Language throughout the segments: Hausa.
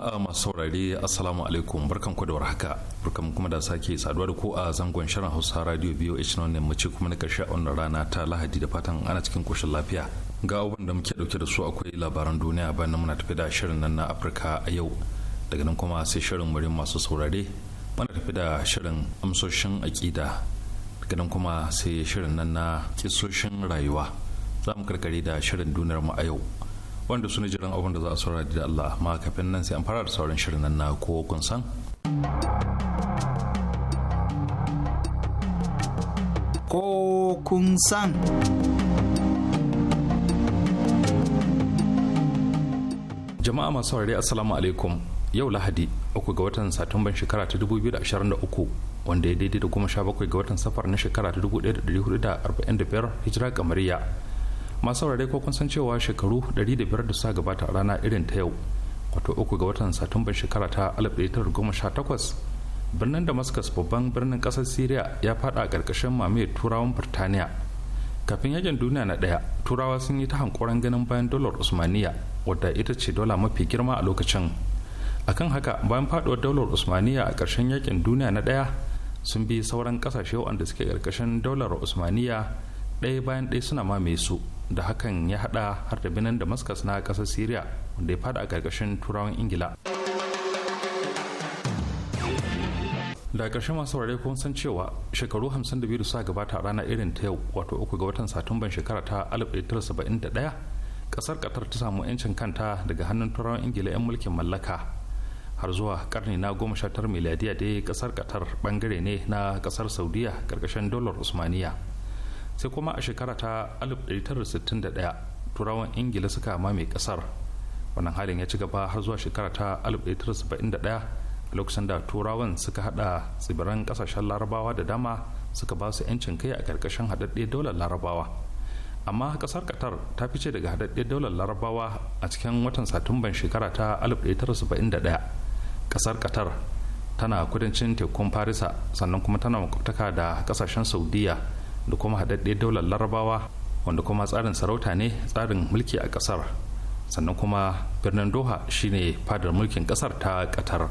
jama'a masu saurare assalamu alaikum barkan ku da warhaka barkan kuma da sake saduwa da ku a zangon shirin hausa radio biyu h nan mace kuma na karshe wannan rana ta lahadi da fatan ana cikin koshin lafiya ga abin da muke dauke da su akwai labaran duniya bayan muna tafi da shirin nan na afirka a yau daga nan kuma sai shirin murin masu saurare muna tafi da shirin amsoshin aƙida daga nan kuma sai shirin nan na kisoshin rayuwa za mu karkare da shirin duniyar mu a yau wanda su ne jiran abin da za a saurara da Allah ma kafin nan sai an fara da sauran shirin nan na ko kun san ko kun san jama'a masu saurari assalamu alaikum yau lahadi uku ga watan satumban shekara ta 2023 wanda ya daidai da goma sha bakwai ga watan safar na shekara ta 1445 hijira kamariya masu saurare ko kun san cewa shekaru 105 da sa gabata a rana irin ta yau wato uku ga watan satumban shekara ta 1918 birnin damascus babban birnin kasar syria ya fada a ƙarƙashin mamaye turawan birtaniya kafin yakin duniya na ɗaya turawa sun yi ta hankoran ganin bayan dolar usmaniya wadda ita ce dola mafi girma a lokacin akan haka bayan faduwar daular usmaniya a ƙarshen yakin duniya na ɗaya sun bi sauran kasashe waɗanda suke karkashin daular usmaniya ɗaya bayan ɗaya suna mamaye su da hakan ya hada har da binan damascus na kasar syria wanda ya fada a karkashin turawan ingila da ƙarshe masu saurare kun san cewa shekaru 52 da suka gabata a ranar irin ta yau wato uku ga watan satumban shekara ta 1971 kasar katar ta samu 'yancin kanta daga hannun turawan ingila 'yan mulkin mallaka har zuwa karni na goma 19 miladiya dai kasar katar bangare ne na kasar saudiya karkashin dolar usmaniya sai kuma a shekara ta 1961 turawan ingila suka mamaye kasar wannan halin ya ci gaba har zuwa shekara ta 1971 lokacin da turawan suka hada tsibiran kasashen larabawa da dama suka ba su 'yancin kai a karkashin haɗaɗɗe daular larabawa amma kasar qatar ta fice daga haɗaɗɗe daular larabawa a cikin watan satumban shekara ta 1971 kasar qatar tana kudancin tekun farisa sannan kuma tana makwabtaka da kasashen saudiya da kuma haɗaɗɗiyar daular larabawa wanda kuma tsarin sarauta ne tsarin mulki a ƙasar sannan kuma birnin doha shine fadar mulkin ƙasar ta ƙatar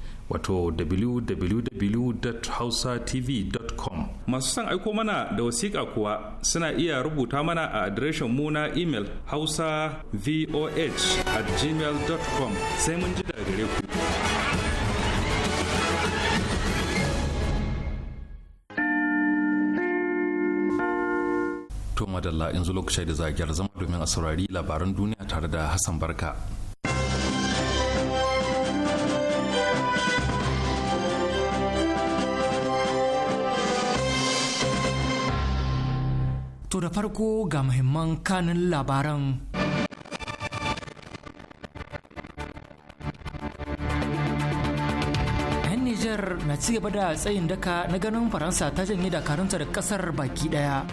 wato www.hausatv.com masu son aiko mana da wasiƙa kuwa suna iya rubuta mana a adireshin mu na imel hausa voh at gmail.com sai mun ji gare ku to madalla yanzu lokacin da zagiyar zama domin a saurari labaran duniya tare da hassan barka To da farko ga muhimman kanin labaran. ‘Yan Nijar na ci gaba da tsayin daka na ganin Faransa ta janye dakarunta da kasar baki daya.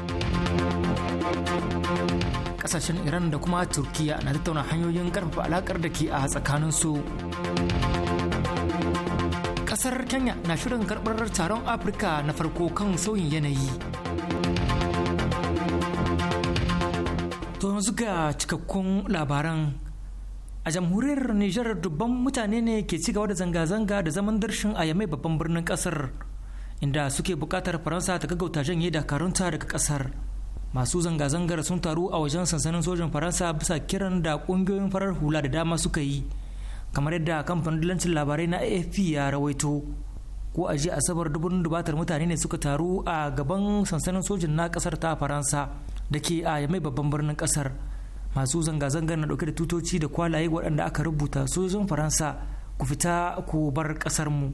Kasashen Iran da kuma Turkiya na tattauna hanyoyin karfafa alakar da ke a su Kasar Kenya na shirin karɓar taron Afirka na farko kan sauyin yanayi. To yanzu ga cikakkun labaran a jamhuriyar Nijar dubban mutane ne ke cigaba da zanga-zanga da zaman darshin a yamai babban birnin kasar inda suke bukatar Faransa ta gaggauta janye dakarunta daga kasar. Masu zanga-zangar sun taru a wajen sansanin sojan Faransa bisa kiran da kungiyoyin farar hula da dama suka yi kamar yadda kamfanin dalancin labarai na AFP ya rawaito. ko a jiya asabar dubun dubatar mutane ne suka taru a gaban sansanin sojin na kasar ta faransa da ke a mai babban birnin kasar masu zanga-zangar na dauke da tutoci da kwalaye waɗanda aka rubuta sojojin faransa ku fita ku bar kasar mu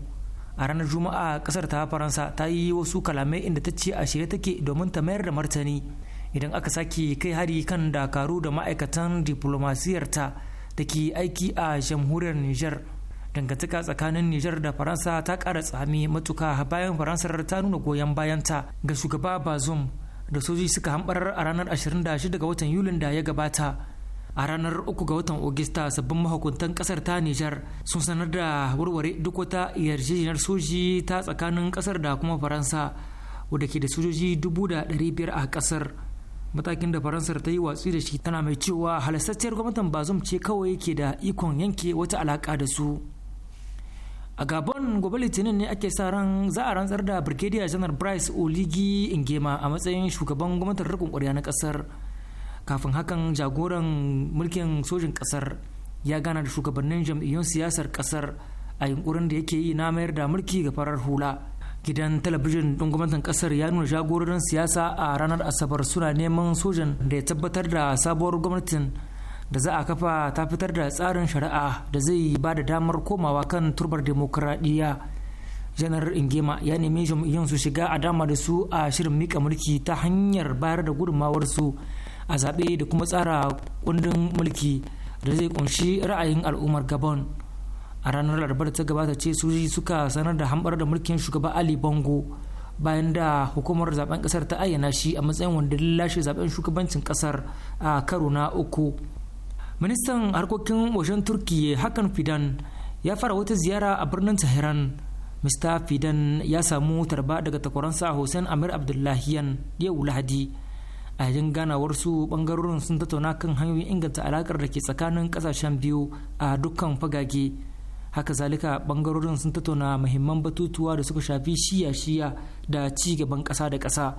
a ranar juma'a kasar ta faransa ta yi wasu kalamai inda ta ce a shirye take domin ta mayar da martani idan aka sake kai hari kan dakaru da ma'aikatan diplomasiyarta da ke aiki a jamhuriyar niger dangantaka tsakanin niger da Faransa ta ƙara tsami matuka bayan Faransar ta nuna goyon bayanta ga shugaba Bazoum da soji suka hambarar a ranar 26 ga watan yulin da ya gabata a ranar 3 ga watan ogista sabbin mahukuntan kasar ta nijar sun sanar da warware duk wata yarjejeniyar soji ta tsakanin kasar da kuma faransa wadda ke da sojoji 500,000 a kasar matakin da faransar ta yi watsi da shi tana mai cewa halastacciyar gwamnatin bazum ce kawai ke da ikon yanke wata alaka da su a gabon gobe litinin ne ake sa ran za a rantsar da brigadier janar bryce oligi ingema a matsayin shugaban gwamnatin rikon kwarya na kasar kafin hakan jagoran mulkin sojin kasar ya gana da shugabannin jam'iyyun siyasar kasar a yunkurin da yake yi na mayar da mulki ga farar hula gidan talabijin ɗin gwamnatin kasar ya nuna jagororin siyasa a ranar asabar suna neman sojan da ya tabbatar da sabuwar gwamnatin da za a kafa ta fitar da tsarin shari'a da zai ba da damar komawa kan turbar demokuraɗiyya janar ingema ya nemi jam'iyyun su shiga a dama da su a shirin mika mulki ta hanyar bayar da su a zaɓe da kuma tsara kundin mulki da zai kunshi ra'ayin al'ummar gabon a ranar larabar ta gabata ce su suka sanar da hambar da mulkin shugaba ali bongo bayan da hukumar zaben kasar ta ayyana shi a matsayin wanda lashe zaben shugabancin kasar a karo na uku ministan harkokin wajen turkiya hakan fidan ya fara wata ziyara a birnin tehran mr fidan ya samu tarba daga takwaransa hussein amir abdullahiyan yau lahadi a yayin ganawarsu bangarorin sun tattauna kan hanyoyin inganta alakar da ke tsakanin kasashen biyu a dukkan fagage haka zalika bangarorin sun tattauna muhimman batutuwa da suka shafi shiya-shiya da ci gaban kasa da kasa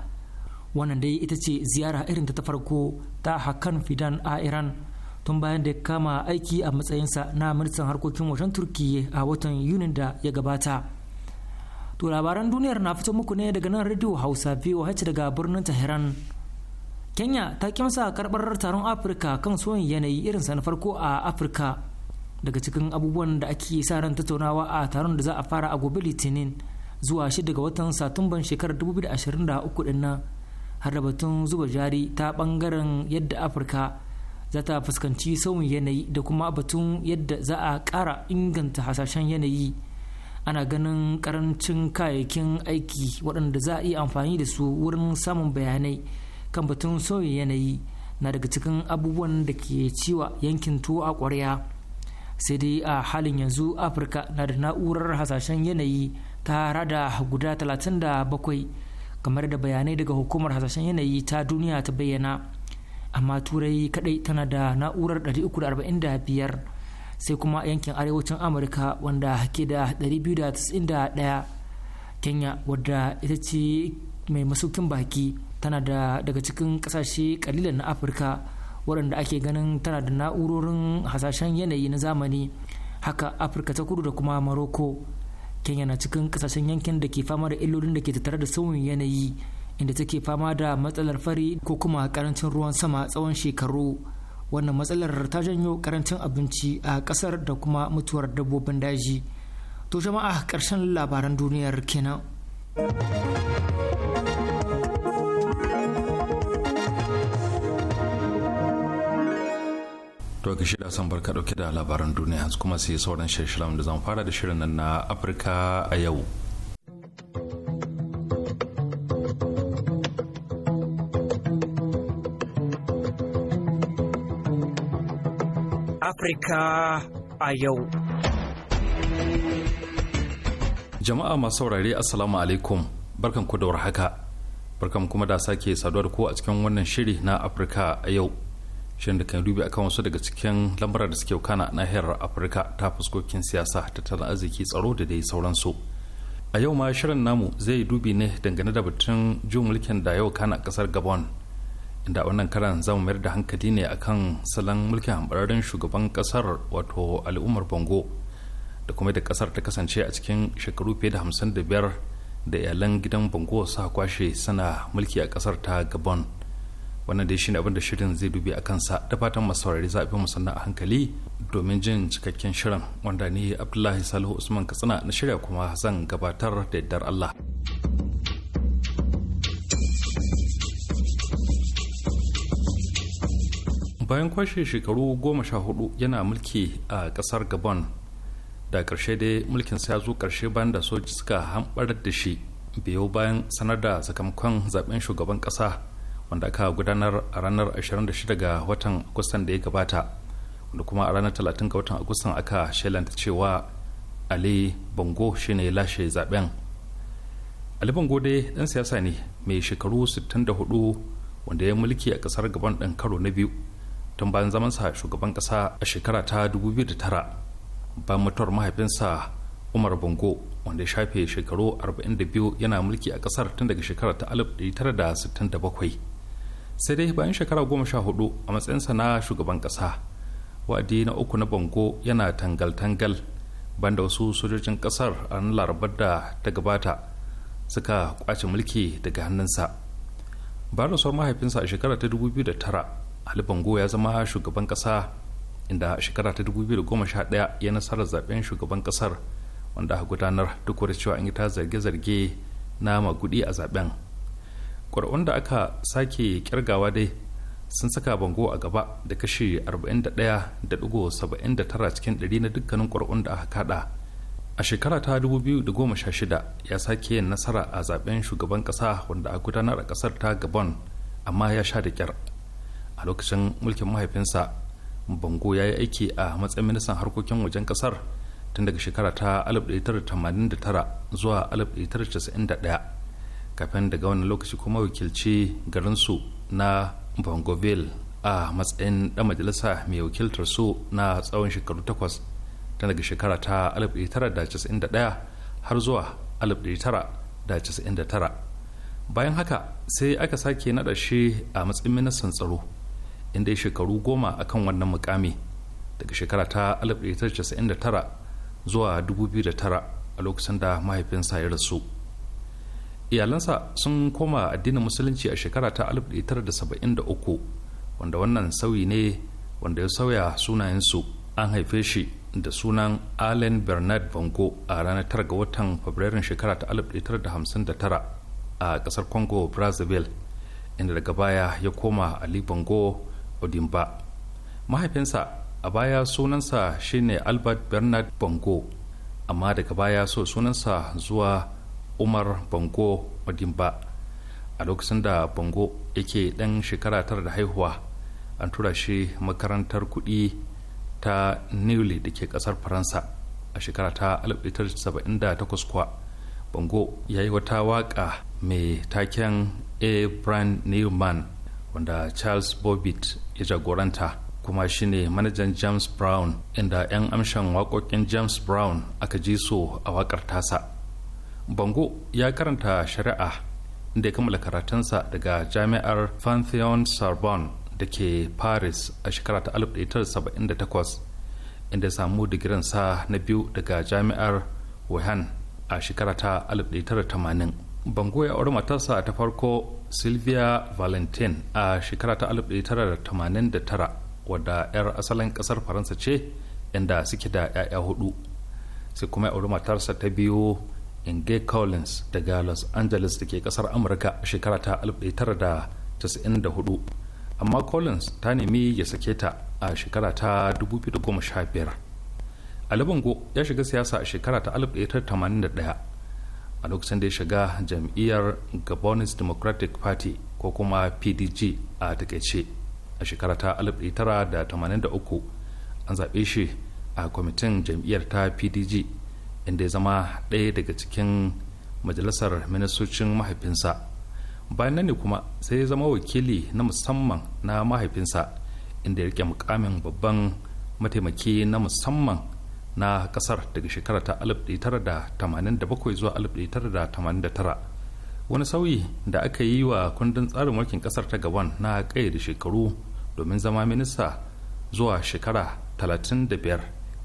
wannan dai ita ce ziyara irin ta farko ta hakan fidan a iran tun bayan da ya kama aiki a matsayinsa na ministan harkokin wajen turkiyya a watan yunin da ya gabata to labaran duniyar na fito muku ne daga nan radio hausa voh daga birnin tehran kenya ta kimsa karbar taron afirka kan soyin yanayi irinsa na farko a afirka daga cikin abubuwan da ake sa ran tattaunawa a taron da za a fara a gobe litinin zuwa shi ga watan satumban shekarar 2023 har da batun zuba jari ta bangaren yadda afirka za ta fuskanci sauyin yanayi da kuma batun yadda za a ƙara inganta hasashen yanayi ana ganin karancin kayayyakin aiki waɗanda za a iya amfani da su wurin samun bayanai kan batun sauyin yanayi na daga cikin abubuwan da ke ciwa yankin tuwo a ƙwarya sai dai a halin yanzu afirka na da na'urar hasashen yanayi ta rada guda 37 kamar da bayanai daga hukumar hasashen yanayi ta duniya ta bayyana amma turai kadai tana da na'urar 345 sai kuma yankin arewacin amurka wanda ke da 291 kenya wadda ita ce mai masaukin baki tana da daga cikin kasashe kalilan na afirka waɗanda ake ganin tana da na'urorin hasashen yanayi na zamani haka afirka ta kudu da kuma maroko kenya na cikin kasashen yankin da ke fama da illolin da ke tattare da sauyin yanayi inda take fama da matsalar fari ko kuma karancin ruwan sama tsawon shekaru wannan matsalar ta janyo karancin abinci a kasar da kuma mutuwar dabbobin daji to jama'a karshen labaran duniyar kenan to shida son barka dauke da labaran duniya kuma sai sauran shirin da zan fara da shirin nan na afirka a yau Afirka a yau. Jama'a masu saurare Assalamu alaikum barkanku da warhaka. Barkan kuma da sake saduwa da ku a cikin wannan shiri na Afirka a yau. Shirin da kan dubi akan wasu daga cikin lambarar da suke kana nahiyar Afirka ta fuskokin siyasa, tattalin arziki, tsaro da dai sauransu. A yau ma shirin namu zai dubi ne dangane da batun jin mulkin da yau kana kasar Gabon. inda wannan karan zamu mayar da hankali ne akan salon mulkin hambararren shugaban kasar wato al'ummar bango da kuma da kasar ta kasance a cikin shekaru fiye da hamsin da biyar da iyalan gidan bongo sa kwashe sana mulki a kasar ta gabon wannan dai shine abin da shirin zai dubi a kansa da fatan masu saurari za a bi musanna a hankali domin jin cikakken shirin wanda ni abdullahi salihu usman katsina na shirya kuma zan gabatar da yardar allah bayan kwashe shekaru goma sha hudu yana mulki a kasar gabon da ƙarshe dai mulkin sa ya zo ƙarshe bayan da soji suka hambar da shi biyo bayan sanar da sakamakon zaben shugaban kasa wanda aka gudanar a ranar 26 ga watan agustan da ya gabata wanda kuma a ranar 30 ga watan agustan aka shelanta cewa ali bango shine ya lashe zaben ali bango dai dan siyasa ne mai shekaru 64 wanda ya mulki a kasar gabon ɗan karo na biyu tun bayan zamansa shugaban kasa a shekara ta 2009 bayan mutuwar mahaifinsa umar bongo wanda ya shafe shekaru 42 yana mulki a kasar tun daga shekara ta 1967 sai dai bayan shekara 14 a matsayinsa na shugaban kasa wa'adi na uku na bongo yana tangal-tangal banda wasu sojojin kasar a larabar da ta gabata suka kwace mulki daga hannunsa bayan rasuwar mahaifinsa a shekara ta ali bango ya zama shugaban kasa inda a shekara ta 2011 ya nasarar zaben shugaban kasar wanda aka gudanar duk da cewa an yi ta zarge-zarge na magudi a zaben ƙwararrun da aka sake kirgawa dai sun saka bango a gaba da kashi 41.79 cikin 100 na dukkanin ƙwararrun da aka kada a shekara ta 2016 ya sake yin nasara a zaben shugaban ƙasa wanda a gudanar a ƙasar ta gabon amma ya sha da kyar lokacin mulkin mahaifinsa bango ya yi aiki a matsayin ministan harkokin wajen kasar tun daga shekara ta 1989 zuwa 1991 kafin daga wani lokaci kuma wakilci garinsu na bangoville a matsayin ɗan majalisa mai wakiltar su na tsawon shekaru takwas tun daga shekara ta 1991 har zuwa 1999 bayan haka sai aka sake naɗa shi a matsayin ministan tsaro inda ya shekaru goma a kan wannan mukami daga shekara ta 1999 zuwa 2009 a lokacin da mahaifinsa ya rasu iyalansa sun koma addinin musulunci a shekara ta 1973 wanda wannan sauyi ne wanda ya sauya sunayensu an haife shi da sunan allen bernard bango a ranar 9 ga watan fabrairun shekara ta 1959 a kasar congo brazzaville inda daga baya ya koma ali bango odin ba mahaifinsa a baya sunansa shine albert bernard bango amma daga baya so sunansa zuwa umar bango odimba a lokacin da bango yake ɗan shekara tara da haihuwa an tura shi makarantar kuɗi ta newly da ke ƙasar faransa a shekara ta 1978 kuwa bango ya yi wata waƙa mai taken a brand Newman. wanda charles bobbitt ya jagoranta kuma shine manajan james brown inda 'yan amshan wakokin james brown aka ji su a wakar tasa bango ya karanta shari'a inda ya kammala karatunsa daga jami'ar pantheon sorbonne da ke paris a shekara ta 1978 inda samu digirinsa na biyu daga jami'ar wuhan a shekara ta 1980 bango ya auri matarsa ta farko sylvia valentin a shekara ta 1989 wadda 'yar asalin kasar faransa ce inda suke da 'ya'ya hudu sai kuma ya auri matarsa ta biyu inge collins daga los angeles da ke kasar amurka a shekara ta 1994 amma collins ta nemi ya sake ta a shekara ta 2015 ali bango ya shiga siyasa a shekara ta a lokacin da ya shiga jam'iyyar gabonese democratic party ko kuma pdg a takaice a shekara ta 1983 an zaɓe shi a kwamitin jam'iyyar ta pdg inda ya zama ɗaya daga cikin majalisar ministocin mahaifinsa bayan nan ne kuma sai ya zama wakili na musamman na mahaifinsa inda ya rike mukamin babban mataimaki na musamman na kasar daga shekara ta 1987 zuwa 1989 wani sauyi da aka yi wa kundin tsarin mulkin kasar ta gaban na da shekaru domin zama minista zuwa shekara 35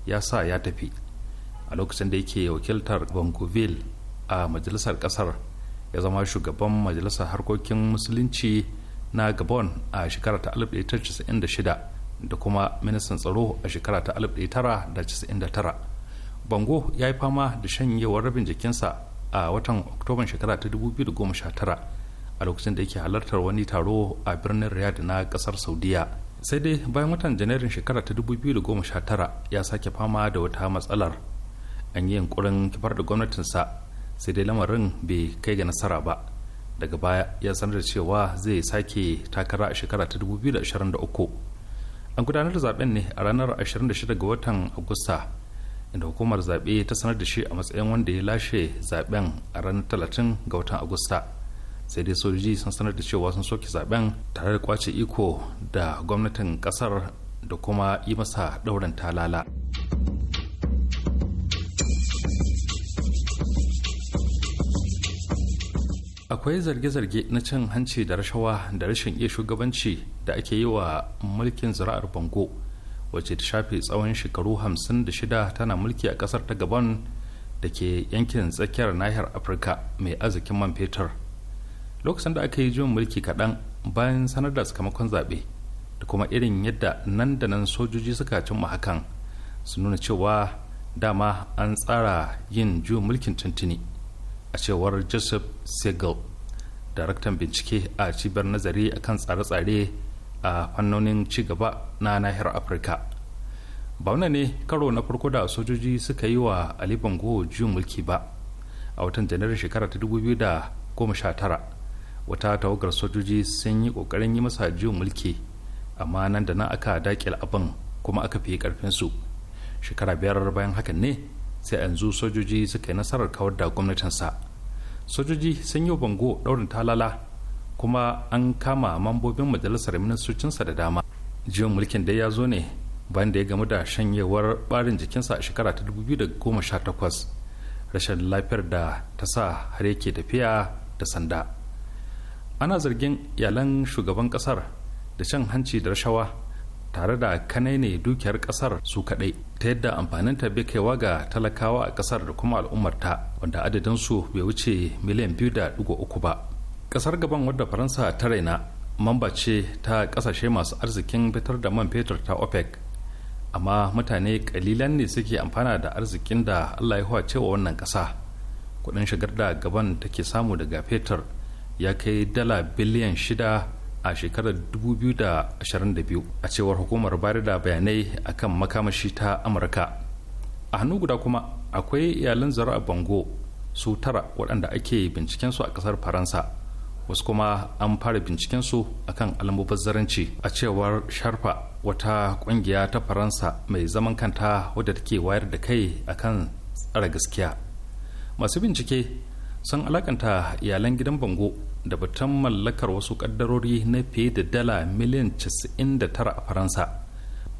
ya sa ya tafi a lokacin da yake wakiltar vancouver a majalisar kasar ya zama shugaban majalisar harkokin musulunci na gabon a shekara ta 1996 da kuma ministan tsaro a shekara ta 1999 bango ya yi fama da shanyewar rabin jikinsa a watan oktoban shekara ta 2019 a lokacin da yake halartar wani taro a birnin riyadh na kasar saudiya sai dai bayan watan janairun shekara ta 2019 ya sake fama da wata matsalar an yi yankurin kifar da gwamnatinsa sai dai lamarin bai kai ga nasara ba daga baya ya sanar da cewa zai sake takara a shekara ta 2023 an gudanar da zaben ne a ranar 26 ga watan agusta inda hukumar zaɓe ta sanar da shi a matsayin wanda ya lashe zaben a ranar 30 ga watan agusta sai dai sojoji sun sanar da cewa sun soke zaben tare da kwace iko da gwamnatin kasar da kuma yi masa ɗaurin talala. akwai zarge-zarge na cin hanci da rashawa da rashin iya shugabanci da ake yi wa mulkin zira'ar bango wacce ta shafe tsawon shekaru 56 tana mulki a kasar ta gabon da ke yankin tsakiyar nahiyar afirka mai arzikin man fetur lokacin da aka yi juyin mulki kaɗan bayan sanar da sakamakon zaɓe da kuma irin yadda nan da nan sojoji suka cimma hakan su nuna cewa dama an tsara yin juyin mulkin tuntuni a cewar joseph segal daraktan bincike a cibiyar nazari akan tsare-tsare a fannonin cigaba na nahiyar afirka ba wani ne karo na farko da sojoji suka yi wa ali bango juyin mulki ba a watan janairun shekara ta 2019 wata tawagar sojoji sun yi kokarin yi masa juyin mulki amma nan da na aka dakil abin kuma aka fi karfin su shekara biyar bayan hakan ne sai yanzu sojoji suka yi nasarar kawar da gwamnatinsa sojoji sun yi bango daurin talala kuma an kama mambobin majalisar ministocinsa da dama jiyon mulkin da ya zo ne bayan da ya gamu da shanyewar barin jikinsa a shekara ta 2018 rashin lafiyar da ta sa har yake tafiya da sanda ana zargin iyalan shugaban kasar da shan hanci da rashawa tare da kanai ne dukiyar kasar su kaɗai ta yadda amfaninta bai kaiwa ga talakawa a kasar da kuma al'ummarta wanda adadin su bai wuce miliyan biyu da dugo uku ba kasar gaban wadda faransa ta raina mamba ce ta kasashe masu arzikin fitar da man fetur ta opec amma mutane kalilan ne suke amfana da arzikin da allah ya huwace wa wannan kasa kudin shigar da gaban take samu daga fetur ya kai dala biliyan shida a shekarar 2022 a cewar hukumar bayar da bayanai akan makamashi ta amurka a hannu guda kuma akwai iyalan zara bango su tara waɗanda ake bincikensu a ƙasar faransa wasu kuma an fara bincikensu a kan almubazzaranci a cewar sharfa wata ƙungiya ta faransa mai zaman kanta wadda take wayar da kai a kan tsara gaskiya masu bincike sun alakanta iyalan gidan bango da batun mallakar wasu kaddarori na fiye da dala miliyan 99 a faransa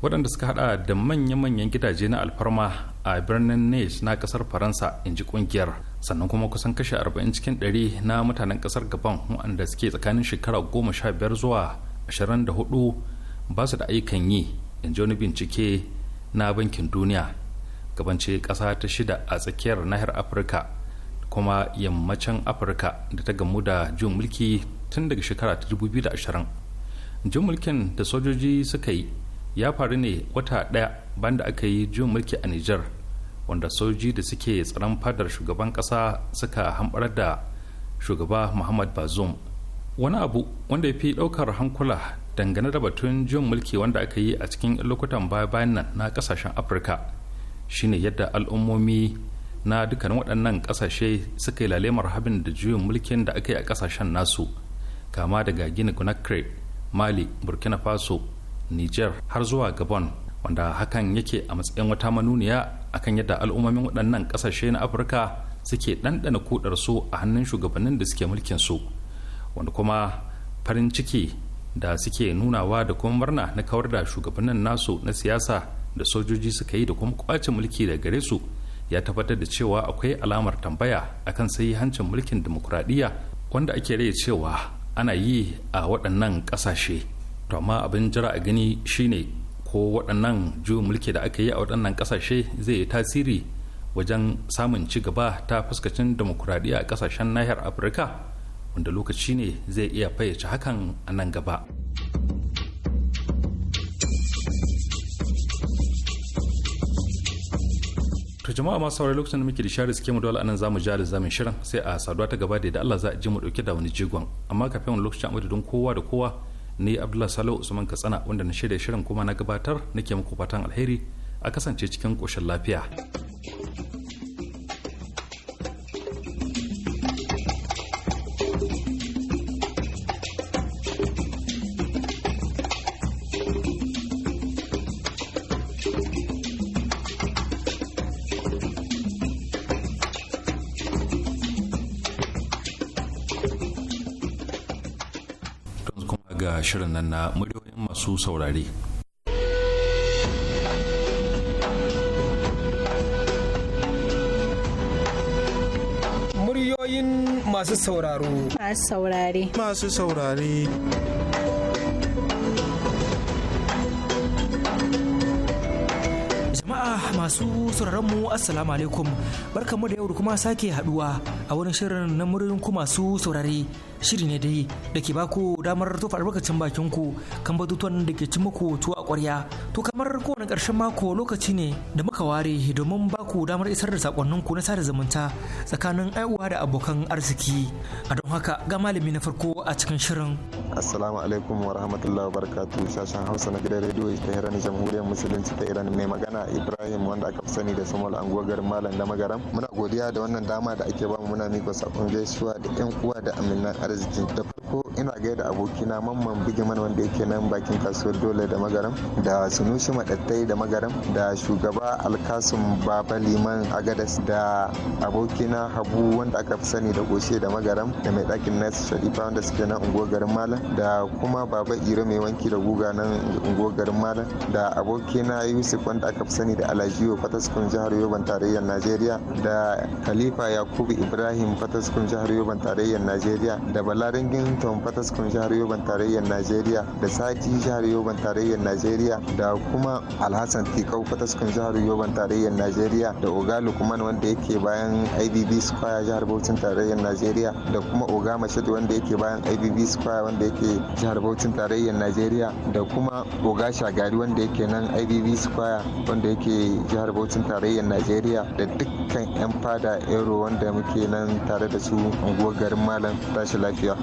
waɗanda suka hada da manya-manyan gidaje na alfarma a birnin nice na kasar faransa in ji kungiyar sannan kuma kusan kashe 40 cikin 100 na mutanen kasar gaban waɗanda suke tsakanin shekara 15 zuwa 24 ba su da ayyukan yi in ji wani bincike na bankin duniya gabance ƙasa ta shida a tsakiyar nahiyar afirka kuma yammacin afirka da ta gamu da jin mulki tun daga shekara ta 2020 jin mulkin da sojoji suka yi ya faru ne wata ɗaya banda aka yi jin mulki a niger wanda sojoji da suke tsaron fadar shugaban kasa suka hambar da shugaba muhammad bazoum wani abu wanda ya fi daukar hankula dangane da batun jin mulki wanda aka yi a cikin lokutan baya-bayan nan na kasashen afirka shine yadda al'ummomi na dukkanin waɗannan ƙasashe suka yi lalemar habin da juyin mulkin da aka yi a ƙasashen nasu kama daga gini conakry mali burkina faso niger har zuwa gabon wanda hakan yake a matsayin wata manuniya akan yadda al'ummomin waɗannan ƙasashe na afirka suke ɗanɗana kudar su a hannun shugabannin da suke mulkin su wanda kuma farin ciki da suke nunawa da kuma murna na kawar da shugabannin nasu na siyasa da sojoji suka yi da kuma kwace mulki da gare su ya tabbatar da cewa akwai alamar tambaya akan hancin mulkin demokuraɗiyya wanda ake rai cewa ana yi a waɗannan ƙasashe to amma abin jira a gani shine ko waɗannan juyin mulki da aka yi a waɗannan ƙasashe zai yi tasiri wajen samun ci gaba ta fuskacin demokuraɗiyya a ƙasashen nahiyar afirka wanda lokaci ne zai iya fayyace hakan a nan gaba. to jama'a masu saurari lokacin da muke da share suke mu dole anan zamu ja lizamin shirin sai a saduwa ta gaba da da Allah za a ji mu dauke da wani jigon amma kafin wani lokacin amma don kowa da kowa ni Abdullahi Salo Usman Katsina wanda na shirya shirin kuma na gabatar nake muku fatan alheri a kasance cikin koshin lafiya. shirin nan na muryoyin masu saurare. Muryoyin masu sauraro. Masu saurare. Masu saurare. jama'a masu sauraron mu assalamu alaikum barkamu da yau da kuma sake haduwa a wani shirin na murin ku masu saurare shiri ne dai da ke baku damar tofa albarkacin bakin ku kan batutuwan da ke cin muku tuwa a ƙwarya to kamar kowane ƙarshen mako lokaci ne da muka ware domin baku damar isar da sakonnin ku na sada zumunta tsakanin aiwa da abokan arziki a don haka ga malami na farko a cikin shirin assalamu alaikum wa rahmatullahi wa barakatuh sashen hausa na gidan rediyo ta hirar jamhuriyar musulunci ta iran mai magana ibrahim wanda aka fi sani da samuel garin malam da magaram muna godiya da wannan dama da ake bamu muna miko sakon gaisuwa da yan uwa da aminan da farko ina gaida abokina mamman bigiman wanda yake nan bakin kasuwar dole da magaram da sunushi madattai da magaram da shugaba alkasum baba liman agadas da abokina habu wanda aka fi sani da goshe da magaram da mai ɗakin nas sharifa wanda suke nan unguwar garin malam da kuma baba iro mai wanki da guga nan unguwar garin malam da abokina yusuf wanda aka fi sani da alajiyo fataskun jihar yoban tarayyar najeriya da khalifa yakubu ibrahim fataskun jihar yoban tarayyar najeriya da balaringin tomfataskun jihar yoban tarayyar najeriya da sati jihar yoban tarayyar najeriya da kuma alhassan tikau fataskun jihar yoban tarayyar najeriya da oga kuma wanda yake bayan ibb square jihar bautin tarayyar najeriya da kuma oga mashid wanda yake bayan ibb square wanda yake jihar bautin tarayyar najeriya da kuma oga shagari wanda yake nan ibb square wanda yake jihar bautin tarayyar najeriya da dukkan yan fada ero wanda muke nan tare da su unguwar garin malam tashi lafiya.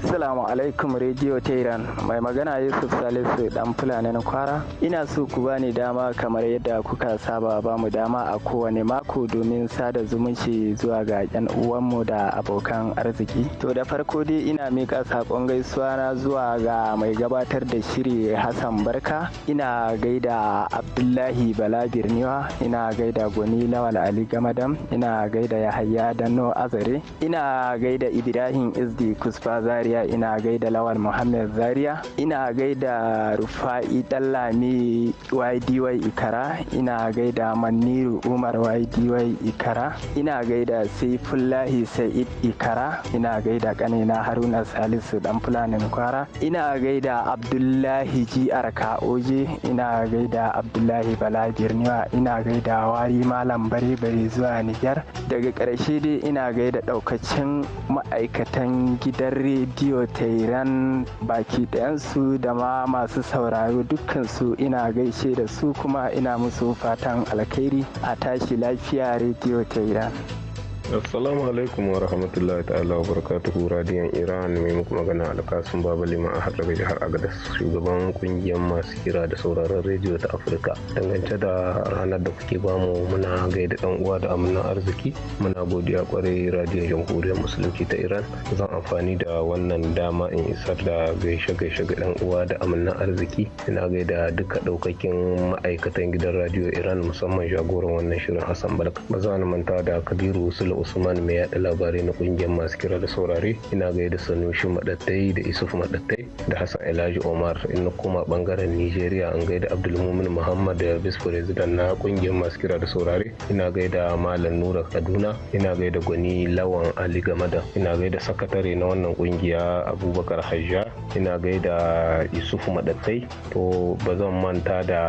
Assalamu alaikum Radio Tehran mai magana Yusuf Salisu dan Fulani na Kwara. Ina so ku bani dama kamar yadda kuka saba ba mu dama a kowane mako domin sada zumunci zuwa ga yan uwanmu da abokan arziki. To da farko dai ina mika sakon gaisuwa na zuwa ga mai gabatar da shiri Hassan Barka. Ina gaida Abdullahi Bala Birniwa, ina gaida Goni Lawal Ali Gamadam, ina gaida Yahaya Danno Azare, ina gaida Ibrahim Izdi Kusfa Zari Zaria ina gaida Lawal Muhammad Zaria ina gaida Rufa'i Dallami YDY Ikara ina gaida Maniru Umar YDY Ikara ina gaida Saifullahi Sa'id Ikara ina gaida kanina Haruna Salisu dan Fulanin Kwara ina gaida Abdullahi GR oje ina gaida Abdullahi Bala Birniwa ina gaida Wari Malam Bari Bari zuwa Nijar daga ƙarshe dai ina gaida daukacin ma'aikatan gidan rediyo rediyo tehran baki ɗayansu da ma masu sauraro dukkansu ina gaishe da su kuma ina musu fatan alkhairi a tashi lafiya rediyo tehran Assalamu alaikum wa rahmatullahi ta'ala wa barakatuhu radiyon Iran mai muku magana alkasun Baba lima a harbe jihar Agadas shugaban kungiyar masu kira da sauraron rediyo ta Afirka. Dangance da ranar da kuke bamu muna gaida dan uwa da amina arziki muna godiya kwarai radiyon jamhuriyar musulunci ta Iran zan amfani da wannan dama in isar da gaishe gaishe ga dan uwa da amina arziki ina gaida duka daukakin ma'aikatan gidan radiyo Iran musamman jagoran wannan shirin Hassan balak. Ba za manta da Kabiru Sulu usman mai yaɗa labarai na ƙungiyar masu kira da saurare ina gaida sanushi maɗattai da isuf maɗattai da hassan elaji omar in kuma ɓangaren nigeria an gaida abdulmumin muhammad da bis president na ƙungiyar masu kira da saurare ina gaida malam nura kaduna ina gaida gwani lawan ali gamada ina gaida sakatare na wannan ƙungiya abubakar hajja ina gaida isuf maɗattai to ba zan manta da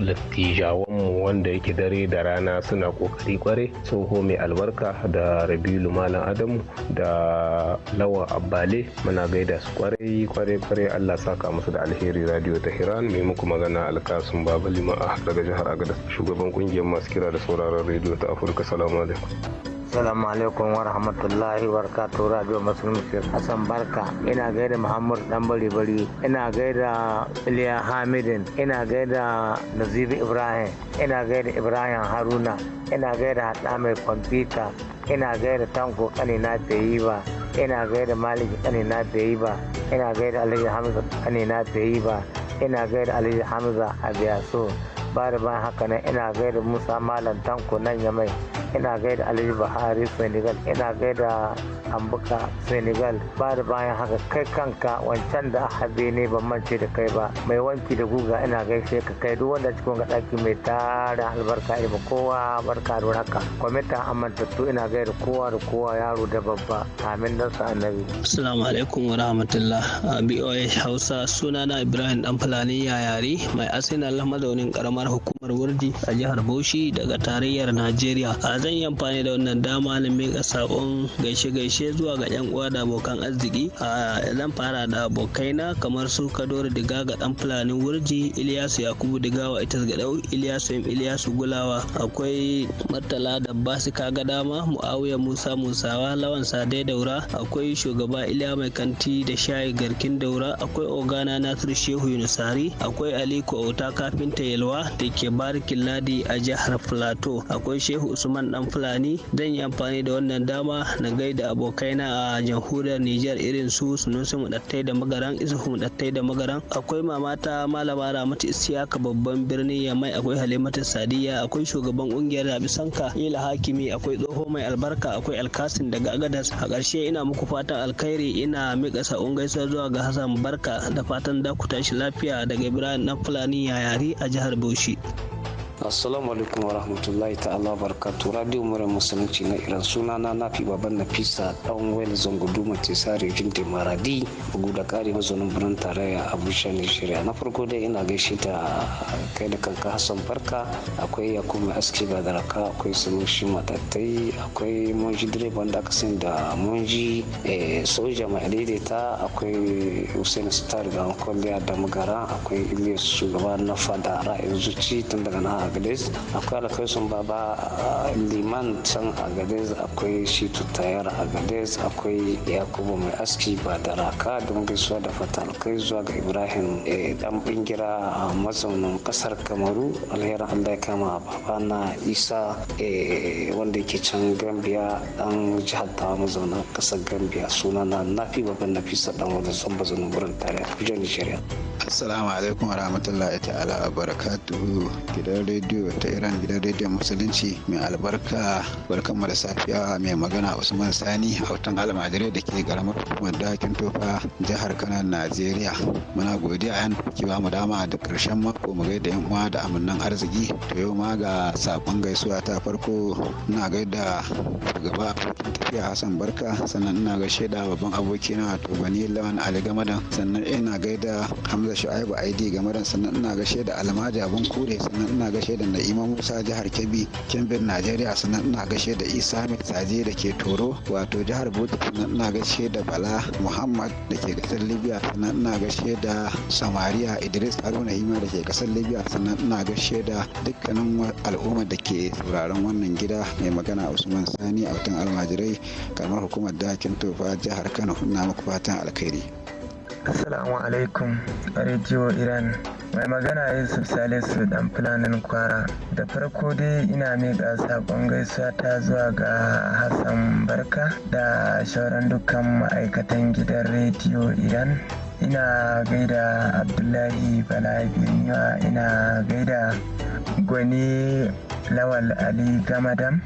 lattijawanmu wanda yake dare da rana suna ƙoƙari kware tsoho mai albarka da Rabilu Malam Adamu da Lawa Abbale muna gaida su kwarai kwarai kwarai Allah saka musu da alheri Radio hiran mai muku magana Alkasun Baba ma'a daga jihar agada shugaban kungiyar masu kira da sauraron rediyo ta Afirka salamu alaikum. Assalamu alaikum wa rahmatullahi wa barakatu Radio Musulunci Hassan Barka ina gaida Muhammad Dan Bari Bari ina gaida Iliya Hamidin ina gaida Nazib Ibrahim ina gaida Ibrahim Haruna ina gaida Hada mai kwamfuta ina gaida Tanko Kane na yi ba ina gaida Malik Kane na yi ba ina gaida Alhaji Hamza Kane na yi ba ina gaida Alhaji Hamza Abiyaso bari bayan haka nan ina gaida musa malam tanko nan ya mai ina gaida alhaji bahari senegal ina gaida ambuka senegal bari bayan haka kai kanka wancan da habe ne ban mance da kai ba mai wanki da guga ina gaishe ka kai duk wanda cikin ga daki mai tara albarka ba kowa barka da haka kwamitin amintattu ina gaida kowa da kowa yaro da babba amin dan sa annabi assalamu alaikum wa rahmatullah boa hausa sunana ibrahim dan fulani yayari mai asina Allah karamar karamar hukumar wurji a jihar bauchi daga tarayyar najeriya a zan yi amfani da wannan dama na miƙa saƙon gaishe-gaishe zuwa ga yan uwa da abokan arziki a zan fara da abokaina kamar su kadori diga ga dan fulanin wurji iliyasu yakubu digawa ga gadau iliyasu m iliyasu gulawa akwai martala da basika ga dama muawiya musa musawa lawan sadai daura akwai shugaba iliya mai kanti da shayi garkin daura akwai ogana nasiru shehu yunusari akwai aliko ota kafinta yalwa da ke barikin ladi a jihar Filato. Akwai Shehu Usman Dan Fulani zan yi amfani da wannan dama na gaida abokaina a jamhuriyar Nijar irin su Sunusi Mudattai da Magaran Isuhu Mudattai da Magaran. Akwai mamata Malama Ramatu Isiyaka babban birnin Yamai akwai Halimatu Sadiya akwai shugaban kungiyar Rabi Sanka Ila Hakimi akwai tsoho mai albarka akwai Alkasin daga Agadas. A ƙarshe ina muku fatan alkhairi ina miƙa sa'un gaisuwa zuwa ga Hassan Barka da fatan da ku tashi lafiya daga Ibrahim Dan Fulani yayari a jihar Bauchi. cheap. assalamu alaikum wa rahmatullahi ta'ala barkatu radio mura musulunci na iran sunana na nafi baban fisa dan wel zango duma jin da maradi bugu da kare mazaunin birnin tarayya abuja nigeria na farko dai ina gaishe ta kai da kanka hasan barka akwai yakubu aski ba daraka akwai shi matattai akwai monji direban da aka sani da monji eh, soja mai daidaita akwai hussein star ga kwalliya da magara akwai ilyas shugaba na fada ra'ayin zuci tun daga na agades akwai ba baba ah, liman can agades akwai shitu tayar agades akwai yakubu mai aski ba da raka don gaisuwa da fata alkai zuwa ga ibrahim eh, dan bingira a ah, mazaunin kasar kamaru alherin allah ya kama baba na isa eh, wanda ke can gambia dan jihar ta mazaunin kasar gambia suna na nafi na nafisa dan wanda zan bazanin wurin tare a kujan nigeria assalamu alaikum ta'ala barakatuhu gidan rediyo ta iran gidan rediyon musulunci mai albarka barkan da safiya mai magana usman sani a hautan almajirai da ke karamar hukumar dakin tofa jihar kano najeriya muna godiya yan kuke ba mu dama da karshen mako mu gaida yan uwa da amannan arziki to yau ma ga sabon gaisuwa ta farko ina gaida gaba abokin tafiya hassan barka sannan ina ga shaida babban abokina wato bani lawan ali gamadan sannan ina gaida hamza shu'aibu aidi gamadan sannan ina ga shaida almaja abun kure sannan ina ga gaishe da Na'ima Musa jihar Kebbi, Kembin Najeriya sannan ina gaishe da Isa Mai Saje da ke Toro, wato jihar Bauchi sannan ina gaishe da Bala Muhammad da ke kasar Libya sannan ina gaishe da Samariya Idris Haruna Hima da ke kasar Libya sannan ina gaishe da dukkanin al'ummar da ke sauraron wannan gida mai magana Usman Sani a wutan almajirai kamar hukumar dakin tofa jihar Kano ina muku fatan alkhairi. Assalamu alaikum Radio Iran. Mai magana Yusuf Salisu dan fulanin kwara. Da farko dai ina miƙa saƙon gaisuwa ta zuwa ga Hassan Barka da shauran dukkan ma'aikatan gidan rediyo Iran. Ina gaida Abdullahi Bala ina gaida Gwani Lawal Ali Gamadam.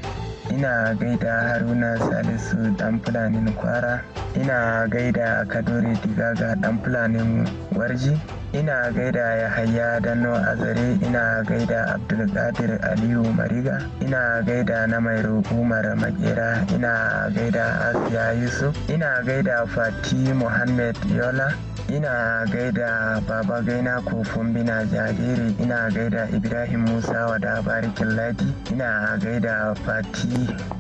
ina gaida haruna salisu dan fulanin kwara ina gaida kadore digaga dan fulani warji ina gaida yahaya dano azare ina gaida abdulkadir aliyu mariga ina gaida na mai umar makera ina gaida asiya yusuf ina gaida fati muhammad yola ina gaida baba gaina kofin bina jariri ina gaida ibrahim musa wada barikin ladi ina gaida fati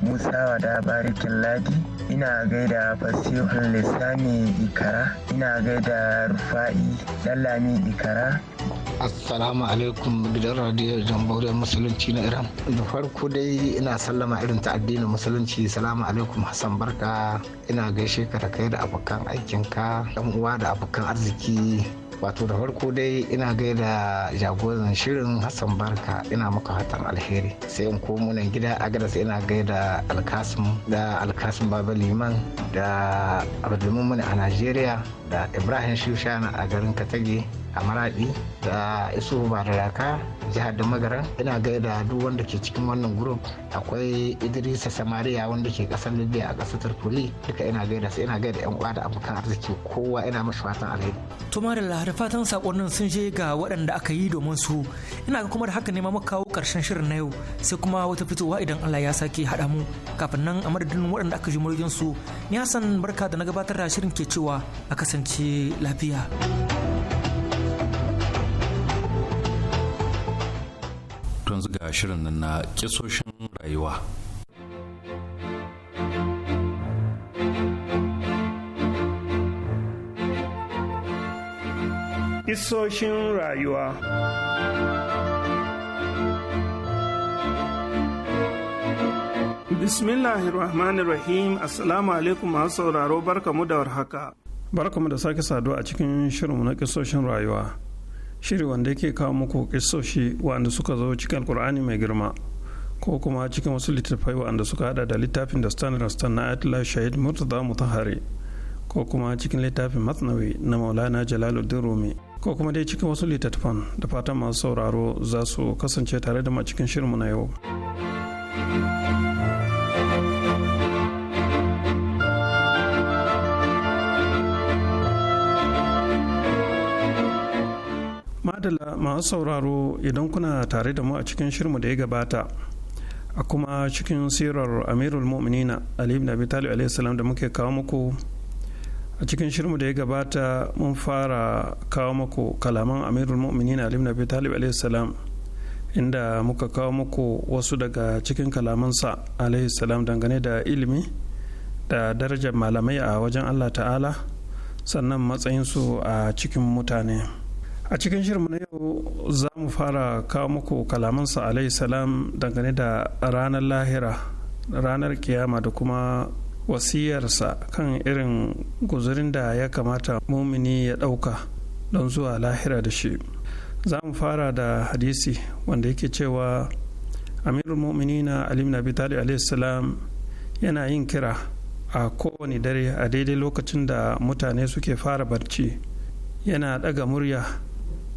musa wada barikin ladi ina gaida fasihun lissani ikara ina gaida rufa'i dallami ikara assalamu alaikum gidan radio jamhuriyar musulunci na iran da farko dai ina sallama irin ta addinin musulunci salamu alaikum hassan barka ina gaishe ka da kai da abokan aikinka yan uwa da abokan arziki wato da farko dai ina gaida jagoran shirin hassan barka ina maka hatan alheri sai in komo nan gida a gadas ina gaida alkasim da alkasim baba liman da abdulmumin a najeriya da ibrahim shushana a garin katage a maradi da isu jihar da magaran ina gaida duk wanda ke cikin wannan group akwai idrisa samariya wanda ke kasar libya a kasar turkuli duka ina gaida su ina gaida yan uwa da abokan arziki kowa ina mashi fatan alheri to marilla da fatan sakonnin sun je ga waɗanda aka yi domin su ina kuma da haka ne ma kawo karshen shirin na yau sai kuma wata fitowa idan Allah ya sake haɗa mu kafin nan a madadin waɗanda aka ji murjin su ni Hassan barka da na gabatar da shirin ke cewa a kasance lafiya. yanzu ga shirin nan na kisoshin rayuwa Kisoshin rayuwa Bismillahirrahmanirrahim Assalamu alaikum masu sauraro barkamu da warhaka. Barkamu da sake saduwa a cikin shirinmu na kisoshin rayuwa. shiri wanda yake kawo muku kisoshi wanda suka zo cikin alkur'ani mai girma ko kuma cikin wasu littattafai wanda suka hada da littafin da standard rastan na atla shahid murtaza mutahari ko kuma cikin littafin matnawi na maulana jalaluddin rumi ko kuma dai cikin wasu littattafan da fatan masu sauraro za su kasance tare da mu cikin shirinmu na yau. madala masu sauraro idan kuna tare da mu a cikin shirmu da ya gabata a kuma cikin sirar amirul mu'minina ali ibn abi talib alayhi salam da muke kawo muku a cikin shirmu da ya gabata mun fara kawo muku kalaman amirul mu'minina ali ibn abi talib alayhi salam inda muka kawo muku wasu daga cikin kalamansa alayhi salam dangane da ilimi da darajar malamai a wajen Allah ta'ala sannan matsayinsu a cikin mutane a cikin shirin na yau za mu fara kawo muku kalamansa alayhi salam dangane da ranar lahira ranar kiyama da kuma wasiyarsa kan irin guzurin da ya kamata mumini ya ɗauka don zuwa lahira da shi za mu fara da hadisi wanda yake cewa amirul na alim nabi talib salam yana yin kira a kowane dare a daidai lokacin da mutane suke fara barci yana ɗaga murya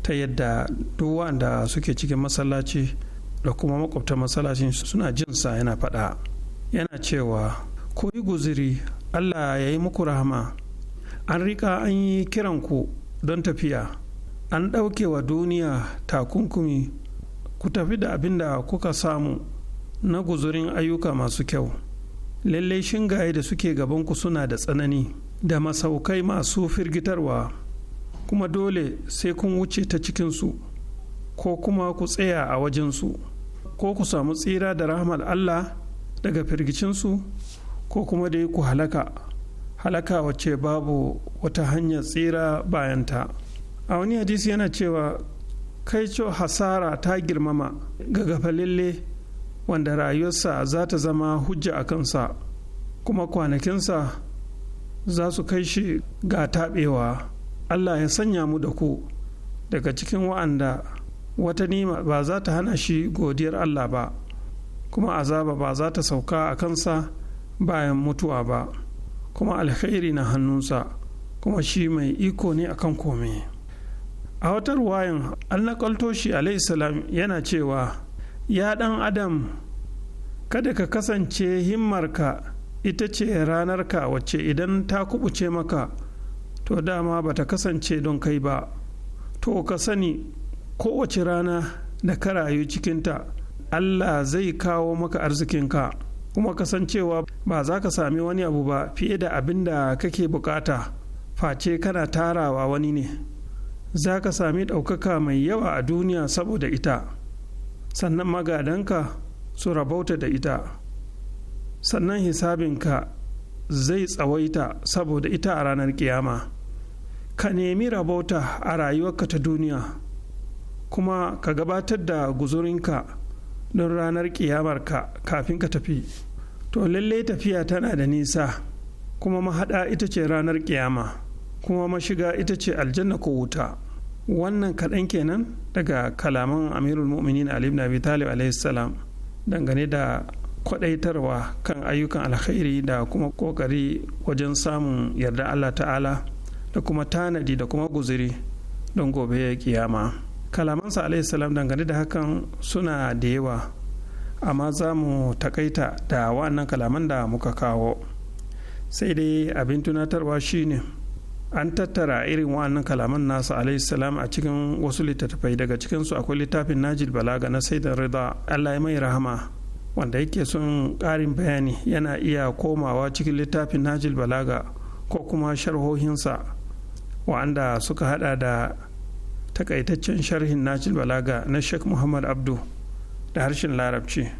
ta yadda duk wanda suke cikin masallaci da kuma makwabta masallacin suna jinsa yana faɗa yana cewa ko yi guziri allah ya yi muku rahama an rika an yi kiranku don tafiya an ɗauke wa duniya takunkumi ku tafi da abin da kuka samu na guzurin ayyuka masu kyau lallai shingaye da suke gabanku suna da tsanani da masaukai masu firgitarwa kuma dole sai kun wuce ta cikinsu ko kuma ku tsaya a wajensu ko ku samu tsira da rahmar Allah daga firgicinsu ko kuma dai ku halaka halaka wacce babu wata hanyar tsira bayanta a wani hadisi yana cewa kai hasara ta girmama ga gafalalle wanda rayuwarsa za ta zama hujja a kansa kuma kwanakinsa za su kai shi ga taɓewa allah ya sanya mu da ku daga cikin wa'anda wata nima ba za ta hana shi godiyar allah ba kuma azaba ba za ta sauka a kansa bayan mutuwa ba kuma alkhairi na hannunsa kuma shi mai iko ne a kan kome a wata ruwayan an shi salam yana cewa ya ɗan adam kada ka kasance himmarka ita ce ranarka wacce idan ta kubuce maka to dama ba ta kasance don kai ba to ka sani kowace rana da ka rayu cikinta allah zai kawo maka arzikinka kuma kasancewa ba za ka sami wani abu ba fiye da abin da kake bukata face kana tarawa wani ne za ka sami ɗaukaka mai yawa a duniya saboda ita sannan magadanka su rabauta da ita sannan hisabinka zai tsawaita saboda ita a ranar kiyama ka nemi rabauta a rayuwarka ta duniya kuma ka gabatar da guzurinka don ranar kiyamarka kafin ka tafi to lalle tafiya tana da nisa kuma mahaɗa ita ce ranar kiyama kuma mashiga ita ce aljanna ko wuta wannan kaɗan kenan daga kalaman amirul mu'minin ali ibn abi talib salam dangane da kwadaitarwa kan ayyukan alkhairi da kuma kokari wajen samun yarda Allah ta'ala da kuma tanadi da kuma guziri don gobe ya kiyama kalamansa alaihi salam dangane da hakan suna da yawa amma za mu takaita da wannan kalaman da muka kawo sai dai abin tunatarwa shine an tattara irin wa'annan kalaman nasa alaihi salam a cikin wasu littattafai daga cikinsu akwai littafin najil balaga na saidan rida allah ya mai rahama wanda yake son ƙarin bayani yana iya komawa cikin littafin najil balaga ko kuma sharhohinsa wa'anda suka hada da takaitaccen sharhin najil balaga na sheikh muhammad abdu da harshen larabci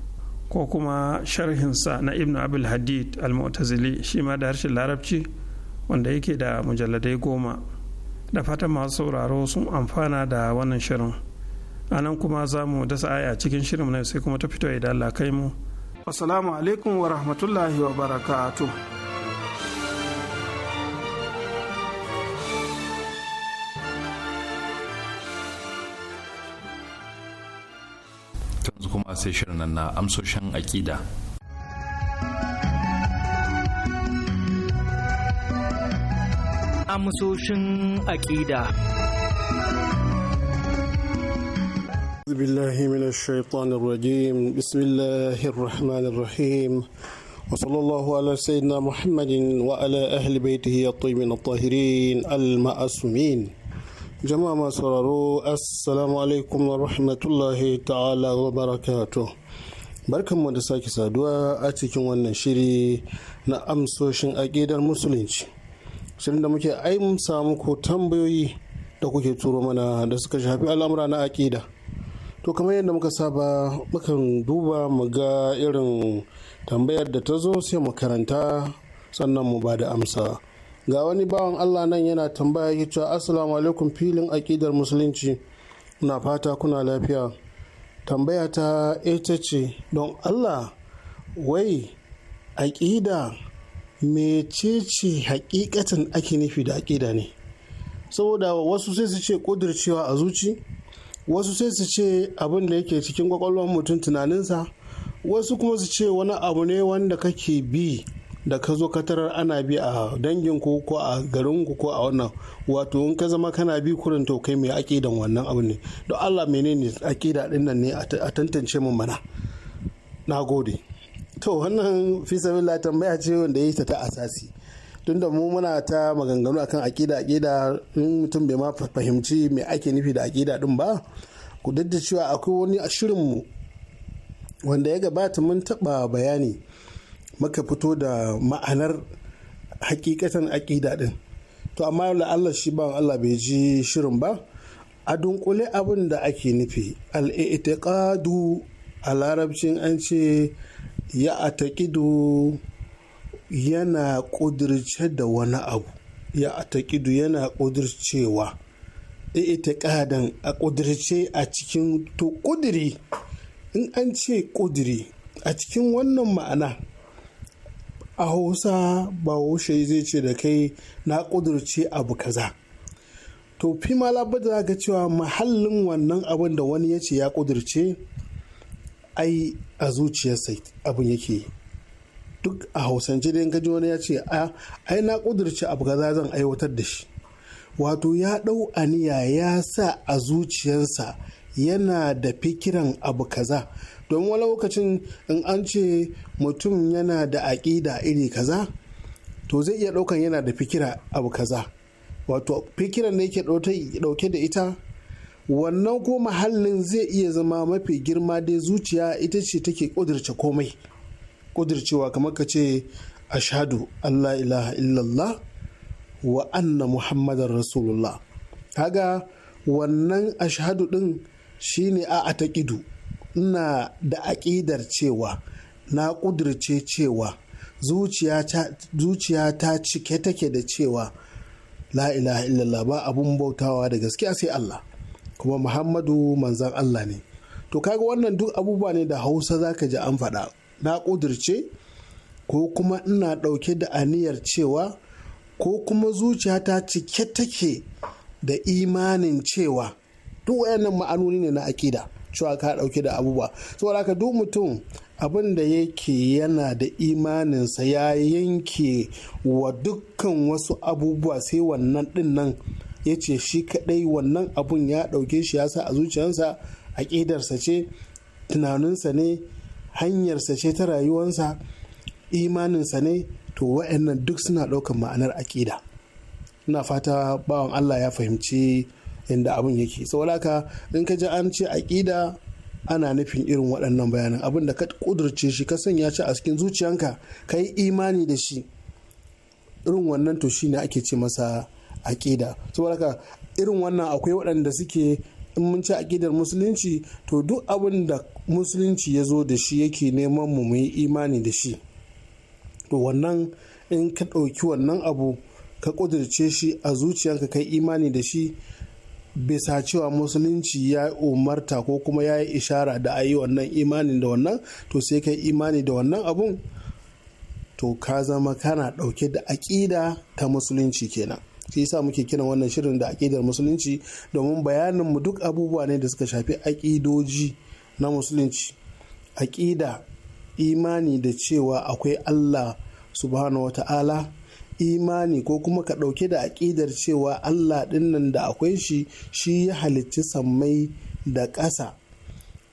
ko kuma sharhinsa na ibn abul hadid al-mu'tazili shi ma da harshen larabci wanda yake da mujalladai goma da fatan masu sauraro sun amfana da wannan shirin. a nan kuma za mu dasa aya cikin shirin na sai kuma ta fito idan Allah kai mu assalamu alaikum wa rahmatullahi wa barakatuh kuma sai shirin nan na amsoshin aƙida. Amsoshin aƙida. أعوذ بالله من الشيطان الرجيم بسم الله الرحمن الرحيم وصلى الله على سيدنا محمد وعلى أهل بيته الطيبين الطاهرين المأسومين جماعة مسرروا السلام عليكم ورحمة الله تعالى وبركاته barkanmu da sake saduwa a cikin wannan shiri na amsoshin aƙidar musulunci shirin da muke amsa muku tambayoyi da kuke turo mana da suka shafi al'amura na aƙida to kamar yadda muka saba mukan duba mu ga irin tambayar da ta zo sai mu karanta sannan mu ba da amsa ga wani bawan allah nan yana tambaya ya cewa assalamu alaikum filin aƙidar musulunci na fata kuna lafiya tambaya ta ita ce don allah wai aƙida mecece hakikatan ake nufi da aƙida ne saboda wasu sai su ce ƙudurcewa a zuci wasu sai su ce abin da yake cikin kwakwalwar mutum tunaninsa wasu kuma su ce wani abu ne wanda kake bi da ka zo katarar ana bi a dangin ko ko a garin ku ko a wannan wato in ka zama kana bi kurin to kai mai aƙidan wannan abu ne don Allah menene aƙida din nan ne a tantance mun mana na gode to wannan fi tambaya ce wanda ya ta asasi tunda mu muna ta maganganu akan aƙida akida in mutum bai ma fahimci me ake nufi da aƙida din ba ku da cewa akwai wani a mu wanda ya gabata mun taɓa bayani maka fito da ma'anar hakikatan aƙida din to amma Allah shi ba Allah bai ji shirin ba a dunkule abin da ake nufi al'itiƙadu a larabcin an ce ya ataƙidu yana ƙudirce da wani abu ya taƙidu yana ƙudircewa ita ƙadan a ƙudirce a cikin to ƙudiri in an ce ƙudiri a cikin wannan ma'ana a hausa ba haushe zai ce da kai na ƙudirce abu kaza to fi ma labar ga cewa mahallin wannan abin da wani ya ce ya ƙudirce ai a zuciyarsa abin yake yi duk a hausance da yanka wani ya ce a ah, ai na kudurci abu kaza zan aiwatar da shi wato ya ɗau aniya ya sa a zuciyarsa yana da fikiran abu kaza don wani lokacin in an ce mutum yana da aƙida iri kaza to zai iya ɗaukan yana da fikira abu kaza wato fikiran da yake ɗauke da ita wannan ko mahallin zai iya zama mafi girma dai zuciya ita ce take ƙudurce komai kudircewa kamar ka ce ashadu Allah ilaha illallah wa anna muhammadar rasulullah haga wannan ashadu din shine a a taƙidu ina da aƙidar cewa na kudirce cewa zuciya ta cike take da cewa la ilaha illallah ba abun bautawa da gaskiya sai Allah kuma muhammadu manzan Allah ne to kaga wannan duk abubuwa ne da hausa zaka ji an faɗa na ko kuma ina ɗauke da aniyar cewa ko kuma zuciya ta cike take da imanin cewa duk wayannan ma'anoni ne na akida cewa ka ɗauke da abubuwa saboda haka duk mutum abin da yake yana da imaninsa ya yanke wa dukkan wasu abubuwa sai wannan ɗin nan ya ce shi kaɗai wannan abun ya ɗauke shi ya sa a zuciyarsa aƙidarsa ce tunaninsa ne hanyarsa ce ta rayuwansa imaninsa ne to wa'annan duk suna ɗaukan ma'anar aƙida ina fata bawan allah ya fahimci inda abin yake saboda in ka ji an ce aƙida ana nufin irin waɗannan bayanan abin da ka ƙudurce shi ka sanya shi a cikin zuciyanka ka yi imani da shi irin wannan to shi shine ake ce masa aƙida saboda irin wannan akwai waɗanda suke in mun ci aƙidar musulunci to duk abin da musulunci ya zo da shi yake neman mu mu yi imani da shi to wannan in ka ɗauki wannan abu ka ƙudurce shi a zuciyanka kai imani da shi bisa cewa musulunci ya umarta ko kuma ya yi ishara da a yi wannan imanin da wannan to sai kai imani da wannan abun to ka zama kana ɗauke da aƙida ta musulunci kenan sai yasa muke kiran wannan shirin da aƙidar musulunci domin bayanin mu duk abubuwa ne da suka shafi aƙidoji na musulunci aƙida imani da cewa akwai Allah subhanahu wata'ala imani ko kuma ka ɗauke da aƙidar cewa Allah ɗinnan da akwai shi shi ya halicci sammai da ƙasa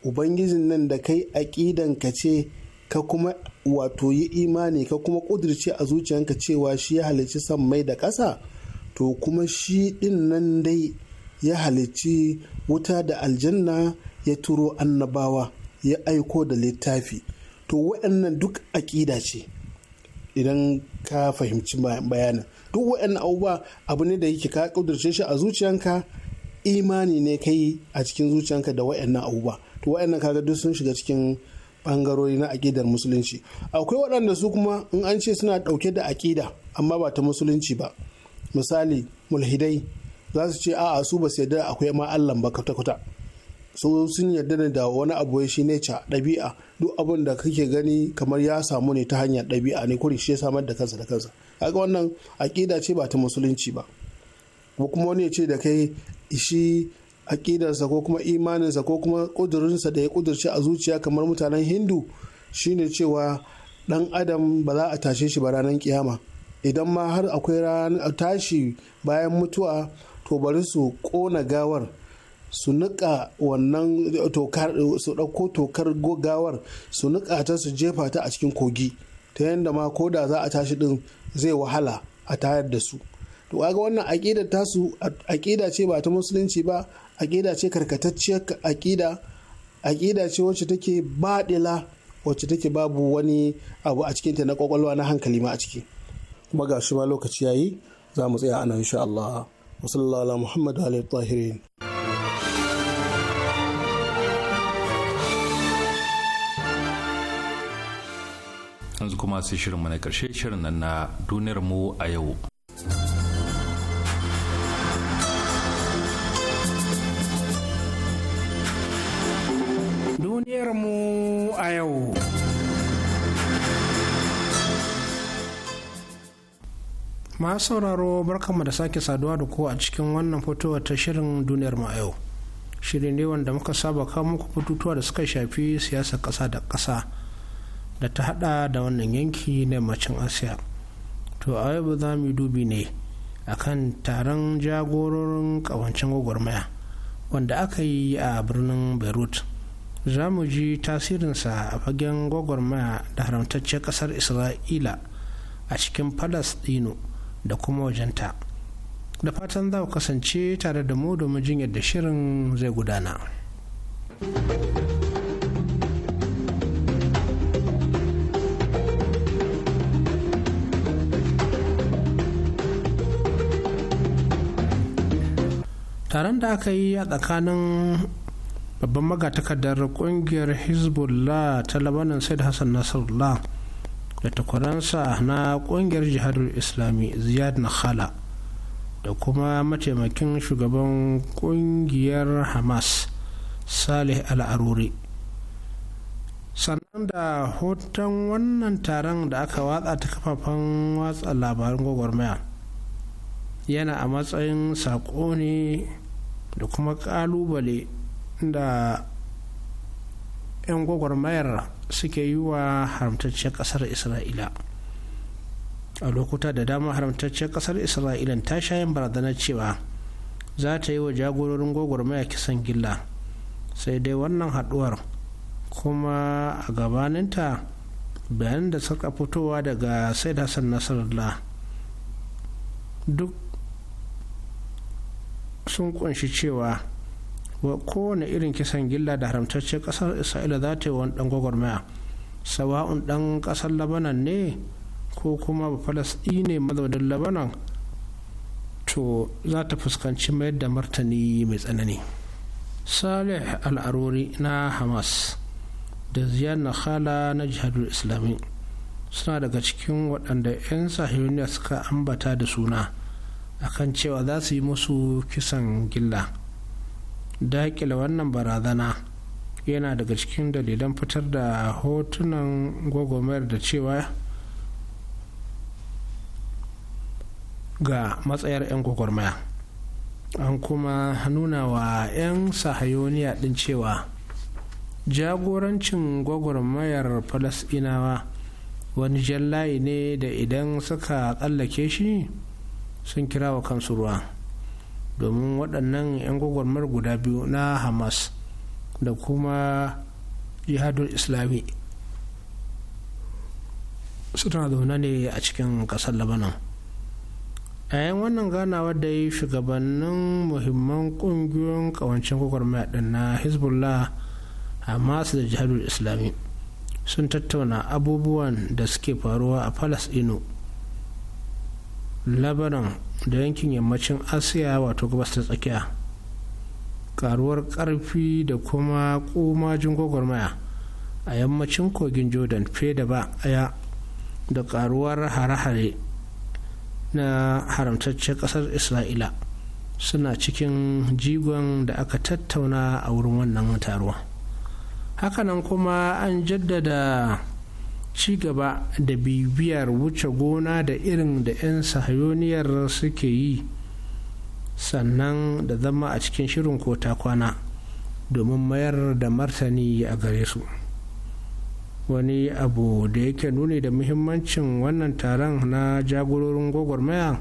ubangijin nan da kai aƙidan ka ce ka kuma wato yi imani ka kuma ƙudirce a zuciyanka cewa shi ya halicci sammai da ƙasa to kuma shi ɗin nan dai ya halicci wuta da aljanna ya turo annabawa ya aiko da littafi to waɗannan duk aƙida ce idan ka fahimci bayanin duk waɗannan abubuwa abu ne da yake ka ƙudurce shi a zuciyanka imani ne kai a cikin zuciyanka da waɗannan abubuwa to waɗannan kaga duk sun shiga cikin bangarori na aƙidar musulunci akwai waɗanda su kuma in an ce suna ɗauke da aƙida amma ba ta musulunci ba misali mulhidai za su ce a'a su ba su yarda akwai ma Allah ba kwata-kwata su sun yarda da wani abu shi ne ca ɗabi'a duk abin da kake gani kamar ya samu ne ta hanyar ɗabi'a ne kuri shi ya samar da kansa da kansa kaga wannan aƙida ce ba ta musulunci ba ko kuma wani ya ce da kai shi aƙidarsa ko kuma imaninsa ko kuma ƙudurinsa da ya ƙudurce a zuciya kamar mutanen hindu shine cewa ɗan adam ba za a tashe shi ba ranar kiyama idan ma har akwai ranar tashi bayan mutuwa to bari su kona gawar su nika wannan tokar su ɗauko tokar gawar su nika ta su jefa ta a cikin kogi ta yadda ma ko da za a tashi din zai wahala a tayar da su to kaga wannan ta su aƙida ce ba ta musulunci ba aƙida ce karkatacciyar aƙida aƙida ce wacce take baɗila wacce take babu wani abu a cikinta na kwakwalwa na hankali ma a ciki. kuma ga shi ma lokaci yayi za mu tsaya ana insha Allah wa sallallahu ala muhammad alayhi tahirin yanzu kuma sai shirin mana karshe shirin nan na duniyar mu a yau sauraro barkanmu da sake saduwa da ku a cikin wannan fitowa ta shirin duniyar mu yau shirin ne wanda muka saba kawo muku fitutuwa da suka shafi siyasar ƙasa da ƙasa da ta hada da wannan yanki na yammacin asiya to a yau za mu dubi ne akan taron jagororin ƙawancin gwagwarmaya wanda aka yi a birnin beirut za mu ji tasirinsa a fagen gwagwarmaya da haramtacciyar ƙasar isra'ila a cikin falasɗinu da kuma wajenta da fatan za ku kasance tare da mu domin jin yadda shirin zai gudana taron da aka yi a tsakanin babban magatakardar ƙungiyar hezbollah ta labanin said hassan nasarullah da takwaransa na kungiyar jihadar islami ziyad nakhala da kuma mataimakin shugaban kungiyar hamas salih al'aruri sannan da hoton wannan taron da aka watsa ta kafafen watsa labarin gwagwarmaya yana a matsayin saƙo ne da kuma ƙalubale da 'yan gwagwarmayar suke yi wa haramtacciyar kasar isra'ila a lokuta da dama haramtacciyar kasar isra'ila ta sha yin barazanar cewa za ta yi wa jagororin gwagwarmaya kisan gilla sai dai wannan haduwar kuma a gabaninta bayan da suka fitowa daga said hassan nasarallah duk sun kunshi cewa kowane irin kisan gilla da haramtaccen kasar isra'ila za ta yi wani dan gwagwarmaya sawa'un dan kasar labanan ne ko kuma ne mazaunin labanan to za ta fuskanci mayar da martani mai tsanani salih al'arori na hamas da ziyar khala na jihadul islami suna daga cikin waɗanda 'yan sahihuniya suka ambata da suna akan cewa za su yi musu kisan gilla dakila wannan barazana yana daga cikin dalilan fitar da hotunan gwagwarmayar da cewa ga matsayar 'yan gwagwarmaya an kuma nuna wa 'yan sahayoniya din cewa jagorancin gwagwarmayar falasinawa wani jan layi ne da idan suka tsallake shi sun kirawa kansu ruwa domin waɗannan 'yan gwagwarmar guda biyu na hamas da kuma jihadul islami suna zaune ne a cikin ƙasar labanan a yayin wannan ganawa da yi shugabannin muhimman ƙungiyoyin ƙawancin gwagwarmaya ɗin na hezbollah hamas da jihadul islami sun tattauna abubuwan da suke faruwa a falasɗinu lebanon da yankin yammacin asiya wato gabas ta tsakiya karuwar karfi da kuma komajin gwagwarmaya a yammacin kogin jordan fiye da ba aya da karuwar hare-hare na haramtaccen kasar isra'ila suna cikin jigon da aka tattauna a wurin wannan taruwa hakanan kuma an jaddada ci gaba da bibiyar wuce gona da irin da 'yan sahayoniyar suke yi sannan da zama a cikin shirin kota kwana domin mayar da martani a gare su wani abu da yake nuni da muhimmancin wannan taron na jagororin gwagwarmaya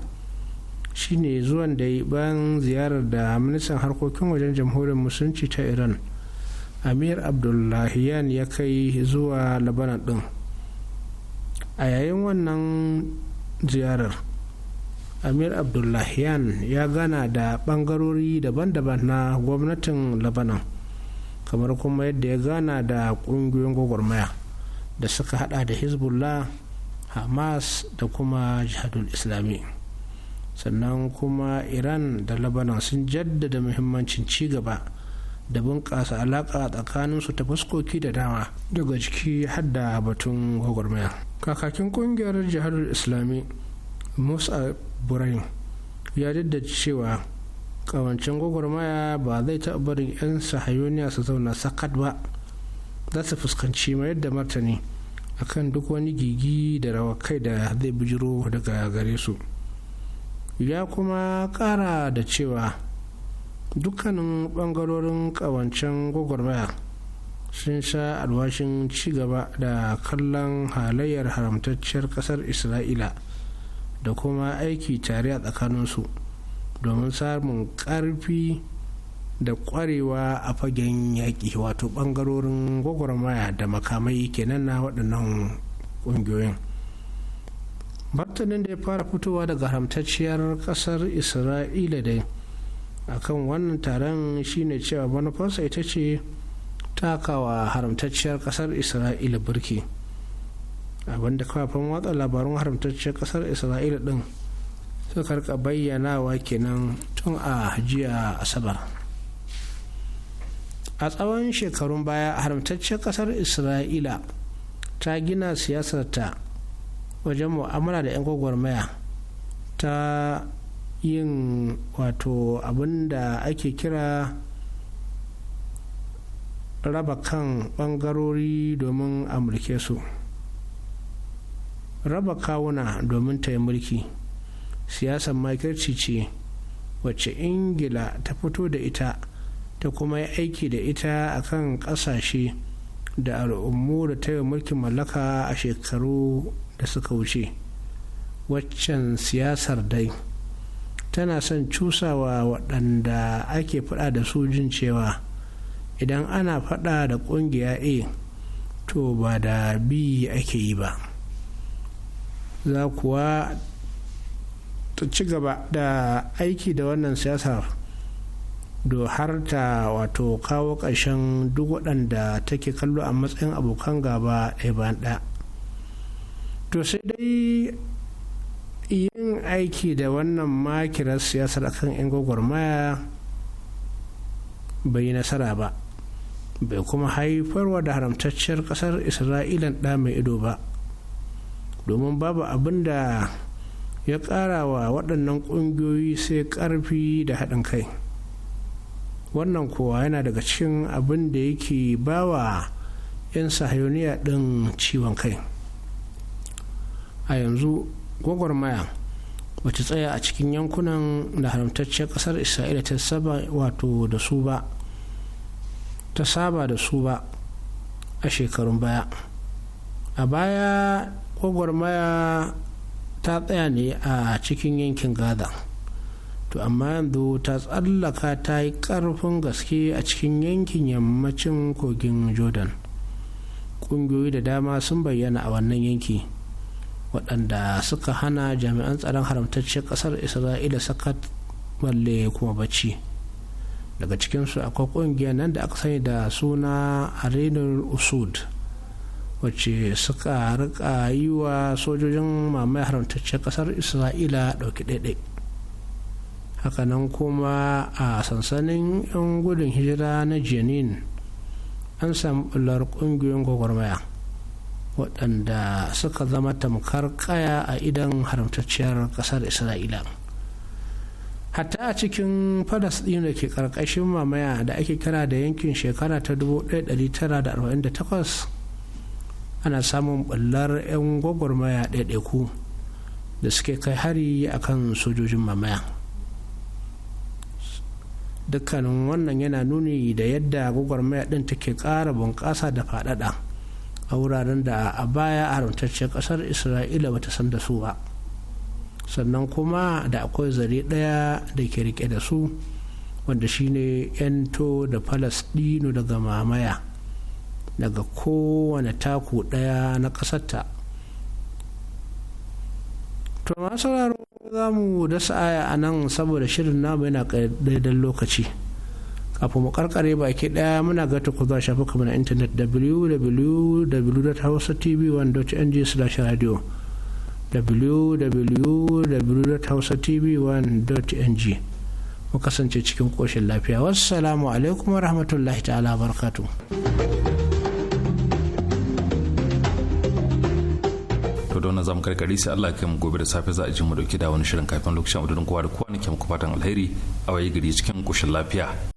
shine zuwan da yi bayan ziyarar da ministan harkokin wajen jamhuriyar musulunci ta iran amir abdullahiyan ya kai zuwa labanan din a yayin wannan ziyarar amir abdullahian ya gana da bangarori daban-daban na gwamnatin labanan kamar kuma yadda ya gana da kungiyoyin gwagwarmaya da suka hada da hezbollah hamas da kuma jihadul islami sannan kuma iran da labanan sun jaddada muhimmancin ci gaba da bunƙasa alaƙa tsakanin su ta fuskoki da dama daga ciki hadda batun gwagwarmaya kakakin ƙungiyar jihar islami musa ibrahim ya didda cewa ƙawancin gwagwarmaya ba zai taɓa barin 'yan sahayoniya su zauna sakat ba za su fuskanci mayar da martani akan duk wani gigi da rawa kai da zai bijiro daga gare su ya kuma ƙara da cewa dukkanin bangarorin kawancen gwagwarmaya sun sha alwashin ci gaba da kallon halayyar haramtacciyar kasar isra'ila da kuma aiki tare a tsakaninsu domin samun karfi da kwarewa a fagen yaƙi wato bangarorin gwagwarmaya da makamai kenan na waɗannan ƙungiyoyin martanin da ya fara fitowa daga haramtacciyar ƙasar isra'ila dai akan wannan taron shine cewa manufarsa ita ce takawa haramtacciyar kasar isra'ila birki abinda kafin watsa labarun haramtacciyar kasar isra'ila din suka rika bayyanawa kenan tun a jiya asabar a tsawon shekarun baya haramtacciyar kasar isra'ila ta gina siyasarta wajen mu'amala da 'yan gwagwarmaya ta yin wato abin da ake kira raba kan bangarori domin a mulke su raba kawuna domin ta yi mulki siyasar makirci ce wacce ingila ta fito da ita ta kuma yi aiki da ita a kan ƙasashe da al'ummu da ta yi mulkin mallaka a shekaru da suka wuce waccan siyasar dai tana son cusawa waɗanda ake faɗa da su jin cewa idan ana faɗa da ƙungiya a to ba da b ake yi ba za kuwa ta ci gaba da aiki da wannan siyasa do har ta wato kawo ƙarshen duk waɗanda take kallo a matsayin abokan gaba ɗaya ba. to sai dai yin aiki da wannan makirar siyasar akan 'yan gwagwarmaya bai yi nasara ba bai kuma haifarwa da haramtacciyar kasar isra'ilan ɗa mai ido ba domin babu abin da ya ƙara wa waɗannan ƙungiyoyi sai ƙarfi da haɗin kai wannan kowa yana daga cikin abin da yake bawa 'yan sahayoniya ɗin ciwon kai a yanzu gwagwarmaya bata tsaya a cikin yankunan da haramtacciyar kasar isra'ila ta saba wato da su ba ta saba da su ba a shekarun baya a baya gwagwarmaya ta tsaya ne a cikin yankin gaza to amma yanzu ta tsallaka ta yi karfin gaske a cikin yankin yammacin kogin jordan ƙungiyoyi da dama sun bayyana a wannan yanki. waɗanda suka hana jami'an tsaron haramtacciyar ƙasar isra'ila saka balle kuma bacci daga cikinsu akwai ƙungiyar nan da aka sani da suna arenar usud wacce suka rika yi wa sojojin mamaye haramtacciyar ƙasar isra'ila ɗauki ɗaiɗai hakanan kuma a sansanin 'yan gudun hijira na jenin an samu ɓullar ƙungiyoyin gwagwarmaya waɗanda suka zama tamkar kaya a idan haramtacciyar ƙasar isra'ila hatta a cikin falasɗin da ke ƙarƙashin mamaya da ake kira da yankin shekara ta 1948 ana samun ɓullar 'yan gwagwarmaya ɗaiɗaiku da suke kai hari a kan sojojin mamaya dukkanin wannan yana nuni da yadda gwagwarmaya ɗin take ƙara bunƙasa da faɗaɗa a wuraren da a baya haramtacciyar ƙasar isra'ila bata san da su ba sannan kuma da akwai zare ɗaya da ke rike da su wanda shine yanto da falasɗinu daga mamaya daga kowane taku ɗaya na ƙasarta to masu sauraro za mu dasa aya a nan saboda shirin namu yana ƙaidaidar lokaci kafin mu karkare baki daya muna ga ta shafi kuma na intanet www.hausatv1.ng/radio www.hausatv1.ng mu kasance cikin koshin lafiya wassalamu alaikum wa rahmatullahi ta'ala barkatu to da wannan zamu karkari sai Allah ya mu gobe da safe za a ji mu dauki da wani shirin kafin lokacin udurin kowa da kowa ne ke fatan alheri a waye gari cikin koshin lafiya